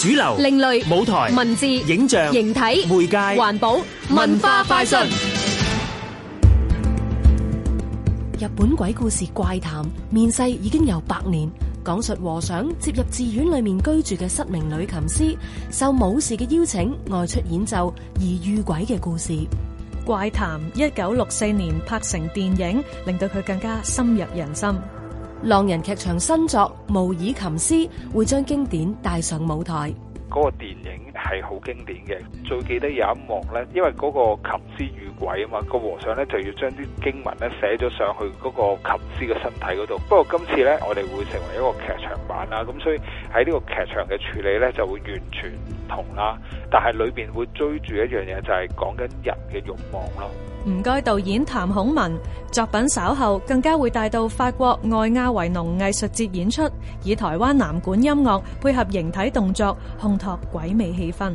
主流、另類舞台、文字、影像、形體、媒介、環保、文化、快訊。日本鬼故事怪談面世已經有百年，講述和尚接入寺院裏面居住嘅失明女琴師，受武士嘅邀請外出演奏而遇鬼嘅故事。怪談一九六四年拍成電影，令到佢更加深入人心。浪人劇場新作《無耳琴師》會將經典帶上舞台。嗰個電影係好經典嘅，最記得有一幕咧，因為嗰個琴師與鬼啊嘛，個和尚咧就要將啲經文咧寫咗上去嗰個琴師嘅身體嗰度。不過今次咧，我哋會成為一個劇場版啦，咁所以喺呢個劇場嘅處理咧就會完全唔同啦。但係裏邊會追住一樣嘢，就係講緊人嘅慾望咯。唔該導演譚孔文，作品稍後更加會帶到法國愛亞維農藝術節演出，以台灣南管音樂配合形體動作，烘托鬼魅氣氛。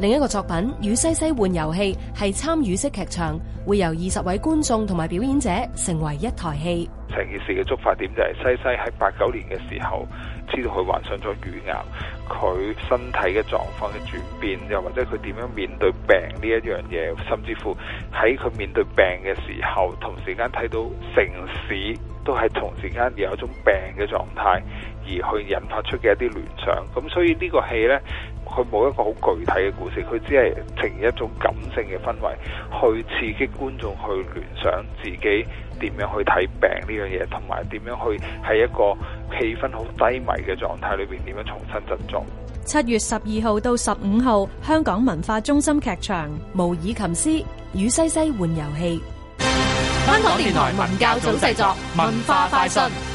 另一個作品《與西西玩遊戲》係參與式劇場，會由二十位觀眾同埋表演者成為一台戲。成件事嘅觸發點就係、是、西西喺八九年嘅時候知道佢患上咗乳癌，佢身體嘅狀況嘅轉變，又或者佢點樣面對病呢一樣嘢，甚至乎喺佢面對病嘅時候，同時間睇到城市都係同時間有一種病嘅狀態，而去引發出嘅一啲聯想。咁所以呢個戲呢。佢冇一個好具體嘅故事，佢只係呈現一種感性嘅氛圍，去刺激觀眾去聯想自己點樣去睇病呢樣嘢，同埋點樣去喺一個氣氛好低迷嘅狀態裏邊點樣重新振作。七月十二號到十五號，香港文化中心劇場《無耳琴師與西西玩遊戲》。香港電台文教組製作，文化快訊。